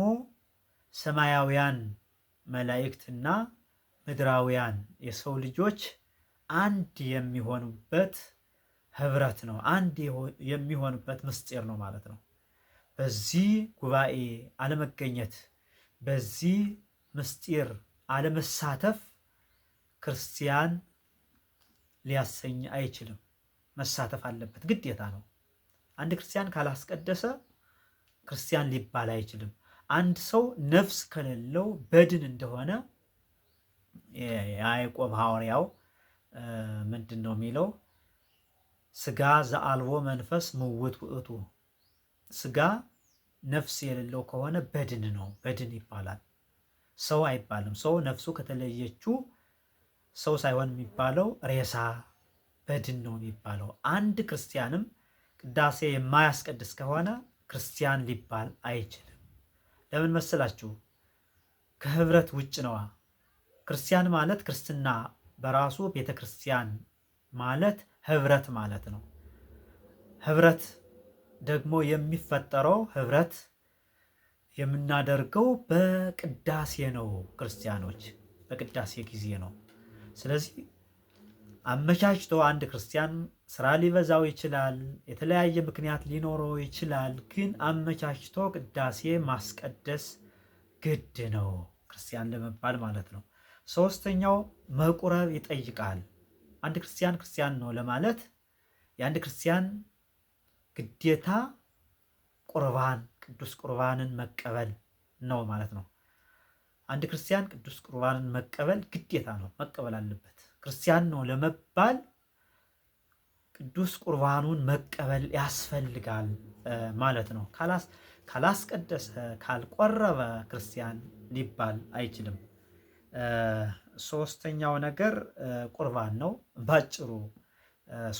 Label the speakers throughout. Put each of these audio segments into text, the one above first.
Speaker 1: ደግሞ ሰማያውያን መላእክትና ምድራውያን የሰው ልጆች አንድ የሚሆኑበት ህብረት ነው። አንድ የሚሆኑበት ምስጢር ነው ማለት ነው። በዚህ ጉባኤ አለመገኘት፣ በዚህ ምስጢር አለመሳተፍ ክርስቲያን ሊያሰኝ አይችልም። መሳተፍ አለበት፣ ግዴታ ነው። አንድ ክርስቲያን ካላስቀደሰ ክርስቲያን ሊባል አይችልም። አንድ ሰው ነፍስ ከሌለው በድን እንደሆነ የያዕቆብ ሐዋርያው ምንድን ነው የሚለው? ስጋ ዘአልቦ መንፈስ ምውት ውእቱ፣ ስጋ ነፍስ የሌለው ከሆነ በድን ነው፣ በድን ይባላል። ሰው አይባልም። ሰው ነፍሱ ከተለየችው ሰው ሳይሆን የሚባለው ሬሳ በድን ነው የሚባለው። አንድ ክርስቲያንም ቅዳሴ የማያስቀድስ ከሆነ ክርስቲያን ሊባል አይችልም። ለምን መሰላችሁ? ከህብረት ውጭ ነዋ። ክርስቲያን ማለት ክርስትና በራሱ ቤተ ክርስቲያን ማለት ህብረት ማለት ነው። ህብረት ደግሞ የሚፈጠረው ህብረት የምናደርገው በቅዳሴ ነው። ክርስቲያኖች በቅዳሴ ጊዜ ነው። ስለዚህ አመቻችቶ አንድ ክርስቲያን ስራ ሊበዛው ይችላል፣ የተለያየ ምክንያት ሊኖረው ይችላል። ግን አመቻችቶ ቅዳሴ ማስቀደስ ግድ ነው ክርስቲያን ለመባል ማለት ነው። ሶስተኛው መቁረብ ይጠይቃል። አንድ ክርስቲያን ክርስቲያን ነው ለማለት የአንድ ክርስቲያን ግዴታ ቁርባን ቅዱስ ቁርባንን መቀበል ነው ማለት ነው። አንድ ክርስቲያን ቅዱስ ቁርባንን መቀበል ግዴታ ነው፣ መቀበል አለበት። ክርስቲያን ነው ለመባል ቅዱስ ቁርባኑን መቀበል ያስፈልጋል ማለት ነው። ካላስቀደሰ ካልቆረበ ክርስቲያን ሊባል አይችልም። ሶስተኛው ነገር ቁርባን ነው። ባጭሩ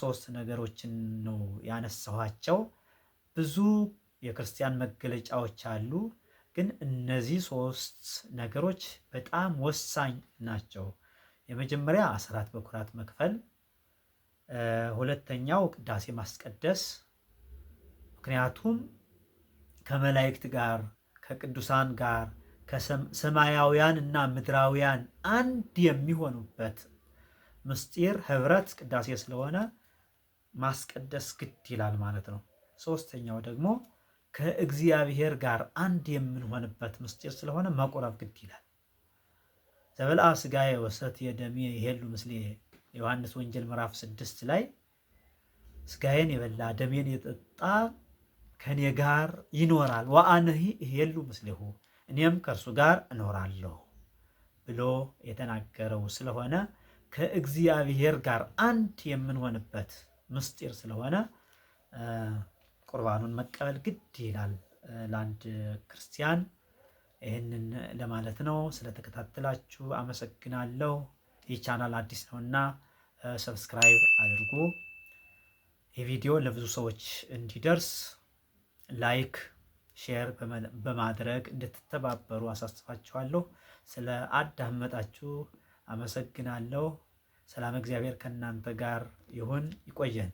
Speaker 1: ሶስት ነገሮችን ነው ያነሳኋቸው። ብዙ የክርስቲያን መገለጫዎች አሉ። ግን እነዚህ ሶስት ነገሮች በጣም ወሳኝ ናቸው። የመጀመሪያ አስራት በኩራት መክፈል፣ ሁለተኛው ቅዳሴ ማስቀደስ። ምክንያቱም ከመላእክት ጋር ከቅዱሳን ጋር ከሰማያውያን እና ምድራውያን አንድ የሚሆኑበት ምስጢር ህብረት ቅዳሴ ስለሆነ ማስቀደስ ግድ ይላል ማለት ነው። ሶስተኛው ደግሞ ከእግዚአብሔር ጋር አንድ የምንሆንበት ምስጢር ስለሆነ መቁረብ ግድ ይላል። ዘበልአ ሥጋዬ ወሰትየ የደሚ የሄሉ ምስሌ ዮሐንስ ወንጌል ምዕራፍ ስድስት ላይ ስጋዬን የበላ ደሜን የጠጣ ከእኔ ጋር ይኖራል ወአንሂ ይሄሉ ምስሌሁ እኔም ከእርሱ ጋር እኖራለሁ ብሎ የተናገረው ስለሆነ ከእግዚአብሔር ጋር አንድ የምንሆንበት ምስጢር ስለሆነ ቁርባኑን መቀበል ግድ ይላል ለአንድ ክርስቲያን። ይህንን ለማለት ነው። ስለተከታተላችሁ አመሰግናለሁ። ይህ ቻናል አዲስ ነውና ሰብስክራይብ አድርጉ። ይህ ቪዲዮ ለብዙ ሰዎች እንዲደርስ ላይክ፣ ሼር በማድረግ እንድትተባበሩ አሳስባችኋለሁ። ስለ አዳመጣችሁ አመሰግናለሁ። ሰላም እግዚአብሔር ከእናንተ ጋር ይሁን። ይቆየን።